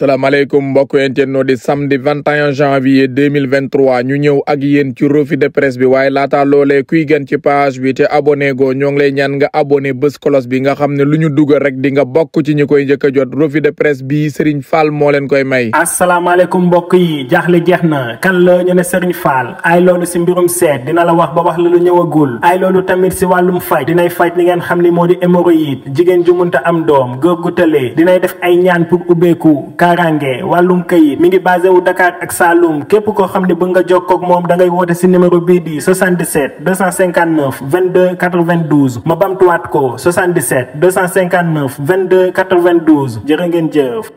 salaamaaleykum mbokk yéen di samedi 21 janvier 2023 ñu ñëw ak yéen ci revue de presse bi waaye laata loolee kuy gën ci page bi te ñoo ngi lay ñaan nga abonné bés kolos bi nga xam ne lu ñu dugal rek di bokk ci koy njëkk jot revue de presse bi Serigne Fall moo leen koy may. asalaamaaleykum mbokk yi jaaxle jeex na kan la ñu ne Serigne Fall ay loolu si mbirum seet dina la wax ba wax la lu ñëwagul ay loolu tamit si wàllum faj dinay faj li ngeen xam ni moo di hémorroïde jigéen ju munta am doom góor gu tëlee dinay def ay ñaan pour ubbeeku. kaaraange wàllum këyit ngi basé Dakar ak Saloum képp koo xam ne bëgg nga jokkoo ak moom da ngay woote si numéro bii di 77 259 22 92 ma bamtuwaat ko 77 259 22 92 jërë ngeen jëf.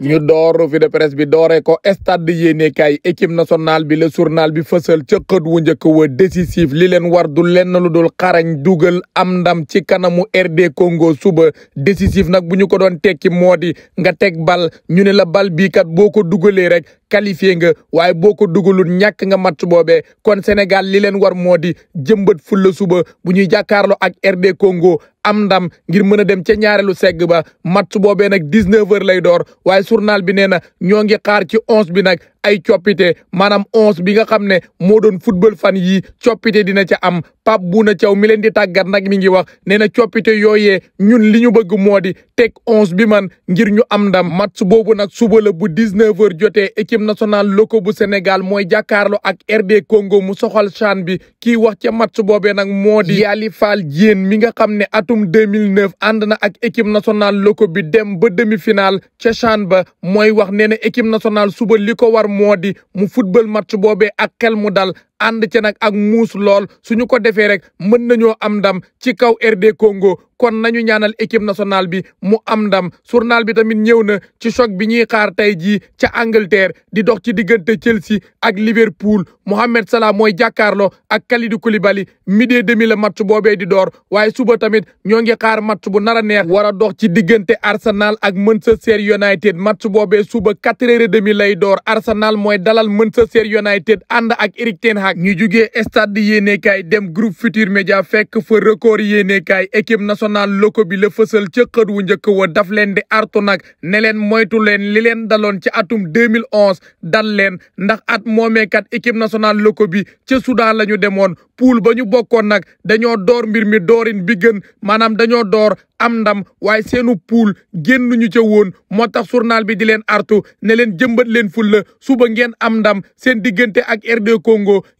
ñu door revue de presse bi dooree stade di yéeneekaay équipe nationale bi le journal bi fësal ca xët wu njëkk wa décisif li leen war du lenn lu dul xarañ dugal am ndam ci kanamu RD Congo suba décisif nag bu ñu ko doon tekki moo di nga teg bal ñu ne la bal bii kat boo ko dugalee rek qualifié nga waaye boo ko dugalul ñàkk nga match boobee kon Sénégal li leen war moo di jëmbat fulla suba bu ñuy jàkkaarloo ak RD Congo am ndam ngir mën a dem ca ñaareelu segg ba match boobee nag 19 heures lay door waaye journal bi nee na ñoo ngi xaar ci onze bi nag ay coppite maanaam onze bi nga xam ne moo doon football fan yii coppite dina ca am Pape Bouna caw mi leen di tàggat nag mi ngi wax nee na coppite yooyee ñun li ñu bëgg moo di teg onze bi man ngir ñu am ndam match boobu nag suba la bu 19 heures jotee équipe nationale loko bu Sénégal mooy jàkkaarloo ak RD kongo mu soxal CHAN bi kii wax ca match boobee nag moo di Yaali Fall mi nga xam ne atum 2009 ànd na ak équipe national loko bi dem ba demi final ca CHAN ba mooy wax nee na équipe national suba li ko war moo di mu football match boobee ak xel mu dal ànd ca nag ak muus lool suñu ko defee rek mën nañoo am ndam ci kaw RD Congo kon nañu ñaanal équipe nationale bi mu am ndam journal bi tamit ñëw na ci choc bi ñuy xaar tey jii ca Angleterre di dox ci diggante Chelsea ak Liverpool Mohamed Salah mooy jàkkaarloo ak Kalidou Koulibaly midi demi la match boobee di door waaye suba tamit ñoo ngi xaar match bu nar a neex wara dox ci diggante Arsenal ak mën Manchester United match boobee suba quatre heures et demi lay door Arsenal mooy dalal Manchester United ànd ak Erik Niak ñu jugee stade yéenekaay dem groupe Futur Média fekk fa record yéenekaay équipe nationale loko bi la fësal ca xët wu njëkk wa daf leen di artu nag ne leen moytu leen li leen daloon ci atum 2011 dal leen ndax at moomeekat équipe nationale loko bi ca Soudan la ñu demoon poule ba ñu bokkoon nag dañoo door mbir mi doorin bi gën maanaam dañoo door am ndam waaye seenu poule génnuñu ca woon moo tax journal bi di leen artu ne leen jëmbat leen fulla suba ngeen am ndam seen diggante ak RD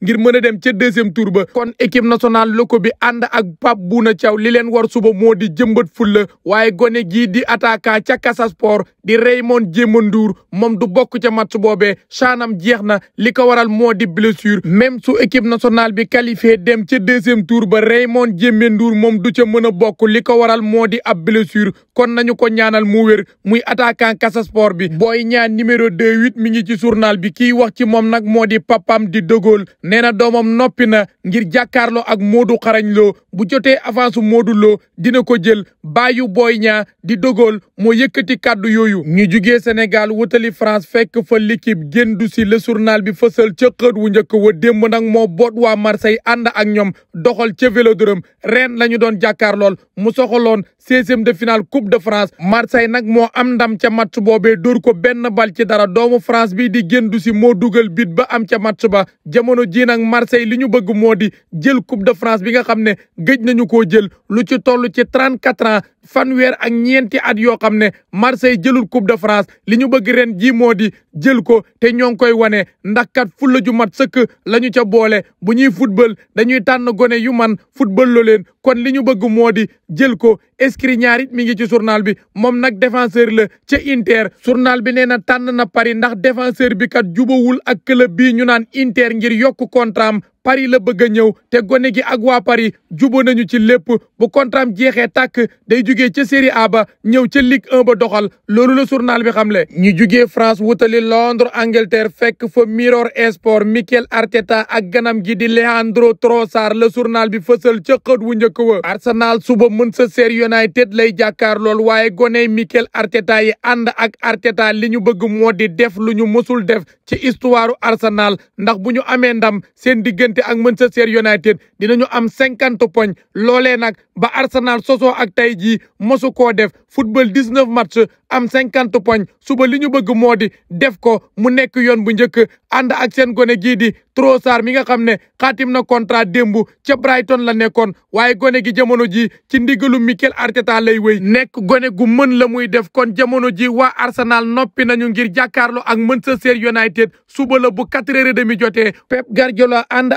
ngir mën a dem ca deuxième tour ba kon équipe nationale loko bi ànd ak Pape Bouna Thiaw li leen war suba moo di jëmbat fulla waaye gone gii di attaquant ca Casa Sport di Raymond Jéema Ndour moom du bokk ca match boobee saanam jeex na li ko waral moo di blessure même su équipe nationale bi qualifié dem ca deuxième tour ba Raymond Jéema Ndour moom du ca mën a bokk li ko waral moo di ab blessure kon nañu ko ñaanal mu wér muy attaquant Casa Sport bi booy ñaan numéro 2 8 mi ngi ci journal bi kiy wax ci moom nag moo di papam di De nee na doomam noppi na ngir jàkkaarloo ak Modou xarañ loo bu jotee avance Modou Lo dina ko jël baayu booy Niang di dogol moo yëkkati kàddu yooyu. ñu jugee Sénégal wutali France fekk fa l'équipe génn du si le journal bi fësal ca xët wu njëkk wa démb nag moo boot waa Marseille ànd ak ñoom doxal ca Vélodrome reen la ñu doon jàkkaarlool mu soxaloon seizième de finale coupe de France Marseille nag moo am ndam ca match boobe dóor ko benn bal ci dara doomu France bi di génn si moo dugal bit ba am ca match ba jamono jii nag Marseille li ñu bëgg moo di jël Coupe de France bi nga xam ne gej nañu koo jël lu ci toll ci trente-quatre ans fanweer ak ñeenti at yoo xam ne Marseille jëlul Coupe de France li ñu bëgg ren ji moo di jël ko te ñoo ngi koy wane ndax kat fulla ju mat sëkk la ñu ca boole bu ñuy football dañuy tànn gone yu man football leen kon li ñu bëgg moo di jël ko Skriniar it mi ngi ci journal bi moom nag défenseur la ca Inter journal bi nee na tànn na Paris ndax défenseur bi kat jubawul ak club bii ñu naan Inter ngir yokk contraam Paris la bëgg a ñëw te gone gi ak waa Paris jubóo nañu ci lépp bu kontraam jeexee tàkk day jugee ca Série A ba ñëw ca Ligue 1 ba doxal loolu la journal bi xamle. ñu jugee France wutali Londres Angleterre fekk fa Mirror Sport Mikel Arteta ak ganam gi di Leandro Trossard la sournal bi fësal ca xët wu njëkk wa. Arsenal suba mën sa Manchester United lay jàkkaar lool waaye gone Mikel Arteta yi ànd ak Arteta li ñu bëgg moo di def lu ñu mësul def ci histoire Arsenal ndax diggante ak Manchester United dinañu am cinquante poñ loolee nag ba Arsenal soso ak tey jii mosu koo def football dix-neuf match am cinquante poñ suba li ñu bëgg moo di def ko mu nekk yoon bu njëkk ànd ak seen gone gii di Trossard mi nga xam ne xaatim na contrat démb ca Brighton la nekkoon waaye gone gi jamono ji ci ndigalu Mikel Arteta lay wéy nekk gone gu mën la muy def kon jamono ji waa Arsenal noppi nañu ngir jàkkaarloo ak Manchester United suba la bu quatre heures et demi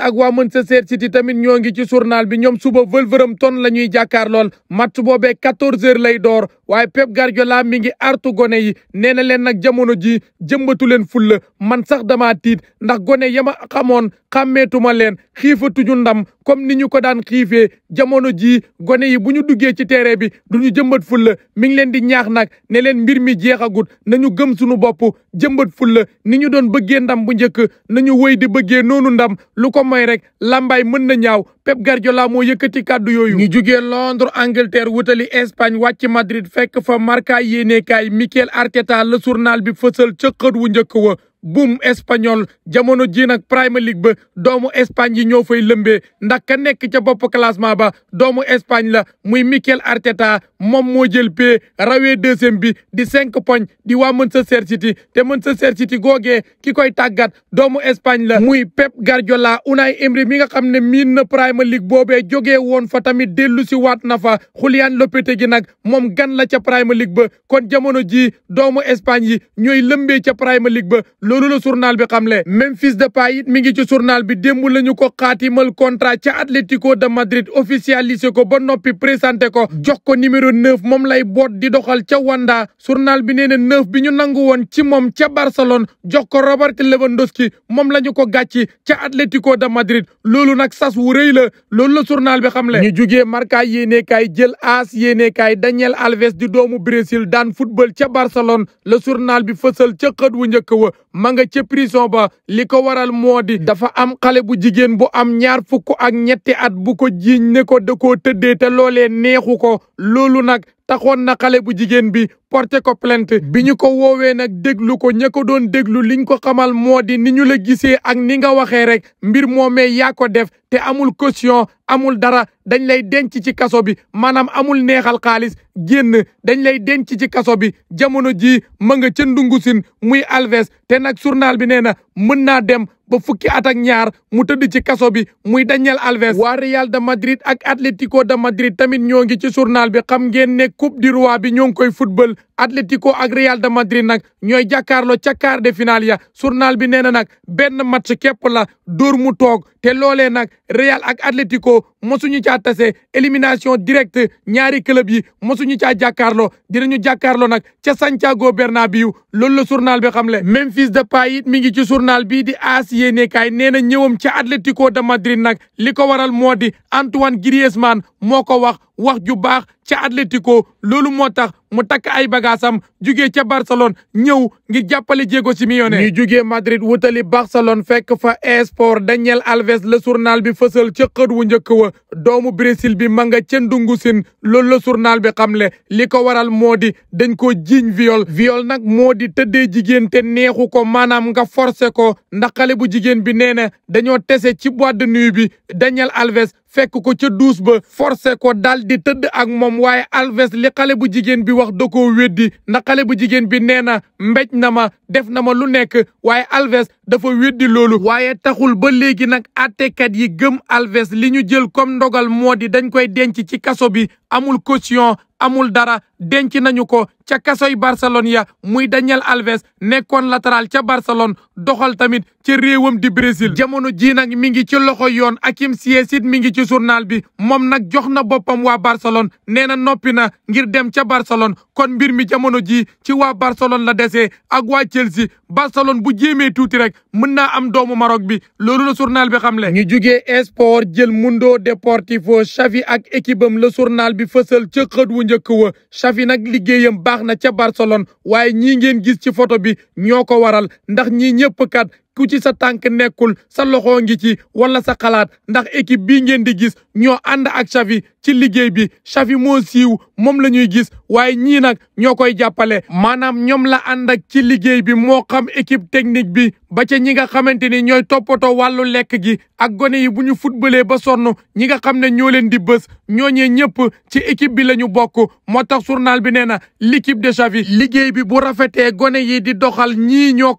ak waa mën si City tamit ñoo ngi ci surnal bi ñoom suba Wolverhampton la ñuy jàkkaar lool match boobee 14h lay door waaye Pep Guardiola mi ngi artu gone yi nee na leen nag jamono ji jëmbatu leen fulla man sax dama tiit ndax gone yama xamoon xàmmeetuma leen xiifatuñu ndam comme ni ñu ko daan xiifee jamono jii gone yi bu ñu duggee ci terrain bi du ñu jëmbat fulla mi ngi leen di ñaax nag ne leen mbir mi jeexagut nañu gëm suñu bopp jëmbat fulla ni ñu doon bëggee ndam bu njëkk nañu wëy di bëggee noonu ndam lu ko moy rek làmbaay mën na ñaaw Pep la moo yëkkati kàddu yooyu ñu jugee Londres Angleterre wutali Espagne wàcc Madrid fekk fa marka yéeneekaay Mikel Arteta la journal bi fësal ca wu njëkk wa buum espagnol jamono ji nag Premier League ba doomu Espagne yi ñoo fay lëmbee ndax ka nekk ca bopp classement ba doomu Espagne la muy Mikel Arteta moom moo jël pee rawee deuxième bi di cinq poñ di waa mën sa City te mën sa City googee ki koy tàggat doomu Espagne la muy Pep Guardiola Unai Emery mi nga xam ne miin na Premier League boobee jógee woon fa tamit dellu si waat na fa Julian ji nag moom gan la ca Premier League ba kon jamono ji doomu Espagne yi ñooy lëmbee ca Premier ba loolu la journal bi xam xamle Memphis pas it mi ngi ci journal bi démb la ñu ko xaatimal contrat ca Atlético de Madrid officialisé ko ba noppi présenté ko jox ko numéro neuf moom lay boot di doxal ca Wanda journal bi nee na neuf bi ñu nangu woon ci moom ca Barcelone jox ko Robert Lewandowski moom la ñu ko gàcci ca Atlético de Madrid loolu nag sas wu la loolu la journal bi xam xamle ñu jugee Marca yéenekaay jël AS yéenekaay Daniel Alves di doomu Brésil daan football ca Barcelone la journal bi fësal ca njëkk wa ma nga ca prison ba li ko waral moo di dafa am xale bu jigéen bu am ñaar fukk ak ñetti at bu ko jiiñ ne ko da koo tëddee te loolee neexu ko loolu nag taxoon na xale bu jigéen bi porté ko plainte bi ñu ko woowee nag déglu ko ña ko doon déglu liñ ko xamal moo di ni ñu la gisee ak ni nga waxee rek mbir moo moomee yaa ko def te amul caution amul dara dañ lay denc ci kaso bi maanaam amul neexal xaalis génn dañ lay denc ci kaso bi jamono jii ma nga ca ndungu muy Alves te nag surnal bi nee na mën naa dem ba fukki at ak ñaar mu tëdd ci kaso bi muy Daniel Alves waa Real de Madrid ak Atlético de Madrid tamit ñoo ngi ci journal bi xam ngeen ne coupe du roi bi ñoo ngi koy football Atlético ak Real de Madrid nag ñooy jàkkaarloo ca quart de finale ya surnal bi nee na nag benn match képp la dóor mu toog te loolee nag Real ak Atlético mosuñu caa tase élimination directe ñaari club yi mosuñu caa jàkkaarloo dinañu jàkkaarloo nag ca Santiago Bernabéu loolu la journal bi xam le Memphis Depay it mi ngi ci journal bii di AS yéenekaay nee na ñëwam ca Atlético de Madrid nag li ko waral moo di Antoine Griezmann moo ko wax wax ju baax ca Atlético loolu moo tax mu takk ay am jugee ca Barcelone ñëw ngi jàppale Diego Simeone. ñu jugee Madrid wutali Barcelone fekk fa Esport Daniel Alves le journal bi fësal ca xët njëkk wa doomu Brésil bi ma nga ca ndungu sin loolu la journal bi xamle li ko waral moo di dañ ko jiiñ viol. viol nag moo di tëddee jigéen te neexu ko maanaam nga forcé ko ndax xale bu jigéen bi nee na dañoo tese ci boîte de nuit bi Daniel Alves. fekk ko ca duus ba forcé ko daal di tëdd ak moom waaye Alves li xale bu jigéen bi wax da koo weddi ndax xale bu jigéen bi nee na mbéj na ma def na ma lu nekk waaye Alves dafa weddi loolu. waaye taxul ba léegi nag àttekat yi gëm Alves li ñu jël comme ndogal moo di dañ koy denc ci kaso bi amul caution amul dara denc nañu ko ca kasoy Barcelone ya muy Daniel Alves nekkoon latéral ca Barcelone doxal tamit ca réewam di Brésil jamono ji nag mi ngi ci loxo yoon Hakim Ziyech it mi ngi ci journal bi moom nag jox na boppam waa Barcelone nee na noppi na ngir dem ca Barcelone kon mbir mi jamono ji ci waa Barcelone la dese ak waa Chelsea Barcelone bu jéemee tuuti rek mën naa am doomu Maroc bi loolu la journal bi xam le ñu jugee esport jël Mundo Deportivo Xavi ak équipe am la journal bi fësal ca xët wu njëkk wa Xavi nag liggéeyam baax na ca Barcelone waaye ñii ngeen gis ci photo bi ñoo ko waral ndax ñii ñëpp kat ku ci sa tànk nekkul sa loxo ngi ci wala sa xalaat ndax équipe bi ngeen di gis ñoo ànd ak Xavi ci liggéey bi Xavi moo siiw moom la ñuy gis waaye ñii nag ñoo koy jàppale maanaam ñoom la ànd ak ci liggéey bi moo xam équipe technique bi ba ca ñi nga xamante ni ñooy toppatoo wàllu lekk gi ak gone yi bu ñu futbalee ba sonn ñi nga xam ne ñoo leen di bës ñoo ñooñee ñëpp ci équipe bi la ñu bokk moo tax journal bi nee na l'équipe de Xavi liggéey bi bu rafetee gone yi di doxal ñoo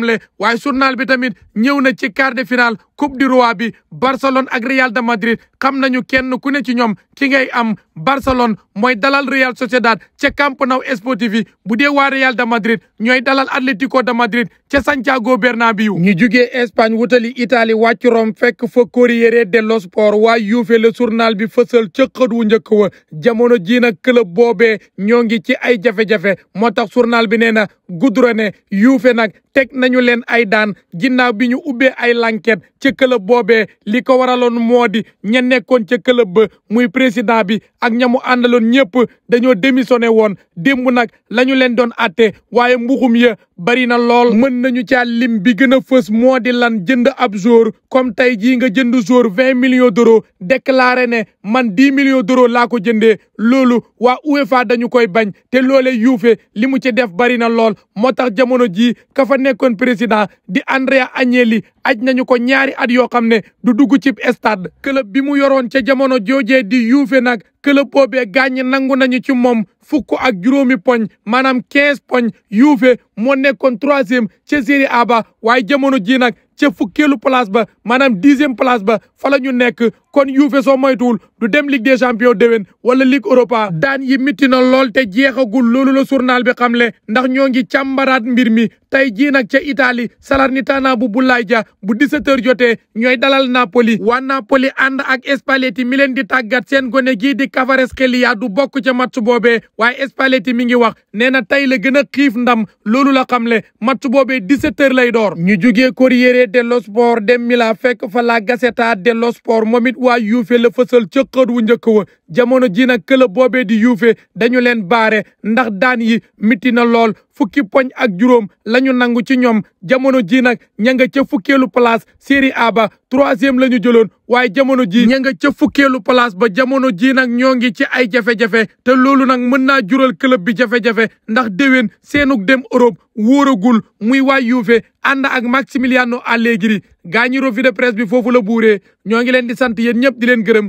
xamle waaye journal bi tamit ñëw na ci quart de finale coupe du roi bi Barcelone ak Real de Madrid xam nañu kenn ku ne ci ñoom ki ngay am Barcelone mooy dalal Real Sociedad ca Camp Nou Sportivo bu dee waa Real de Madrid ñooy dalal Atlético de Madrid ca Santiago Bernabéu. ñu jugee Espagne wutali Italie wàcc Rome fekk fa Corriere dello Sport waa Juve le journal bi fësal ca xët njëkk wa jamono jii nag club boobee ñoo ngi ci ay jafe-jafe moo tax journal bi nee na goudronné Juve nag teg nañu leen ay daan ginnaaw bi ñu ubbee ay lanket ca club boobee li ko waraloon moo di ña nekkoon ca club ba muy président bi ak ñamu àndaloon ñëpp dañoo démissionné woon démb nag la ñu leen doon atte waaye mbuxum ya bari na lool mën nañu caa lim bi gën a fës moo di lan jënd ab jour comme tey jii nga jënd jour vingt millions d'euros déclaré ne man dix millions d'euros laa ko jëndee loolu waa UEFA dañu koy bañ te loole yuufe li mu ci def bari na lool moo tax jamono jii ka fa nekkoon président di Andrea Agnelli aj nañu ko ñaari at yoo xam ne du dugg ci stade club bi mu yoroon ca jamono joojee di yuufe nag club boobee gaañ nangu nañu ci moom fukk ak juróomi poñ maanaam quinze poñ yuufe moo nekkoon troisième ca Serie A ba waaye jamono ji nag ca fukkeelu place ba maanaam dixième place ba fa ñu nekk kon yuufe soo moytuwul du dem Ligue des champions déwén wala Ligue Europa daan yi mitti lool te jeexagul loolu la journal bi xamle ndax ñoo ngi càmbaraat mbir mi tey jii nag ca Italie Salernitana bu Boulaye ja bu 17h jotee ñooy dalal Napoli waa Napoli ànd ak Spalletti mi leen di tàggat seen gone gii di Kvaratskhelia du bokk ca match boobee waaye Spalletti mi ngi wax nee na tey la gën a xiif ndam loolu la xamle match boobee 17 lay door ñu jugee Corriere dello sport dem mi la fekk fa la Gazzetta dello sport moom it waa yuufe la fësal ca wu njëkk wa jamono ji nag club boobee di yuufe dañu leen baare ndax daan yi miti na lool fukki poñ ak juróom la ñu nangu ci ñoom jamono ji nag ña nga ca fukkeelu place série A ba troisième la ñu jëloon waaye jamono ji ña nga ca fukkeelu place ba jamono ji nag ñoo ngi ci ay jafe-jafe te loolu nag mën naa jural club bi jafe-jafe ndax déwén seenug dem Europe wóoragul muy waay yuufe ànd ak Maximiliano Allegri gaañi revue de presse bi foofu la buuree ñoo ngi leen di sant yéen ñëpp di leen gërëm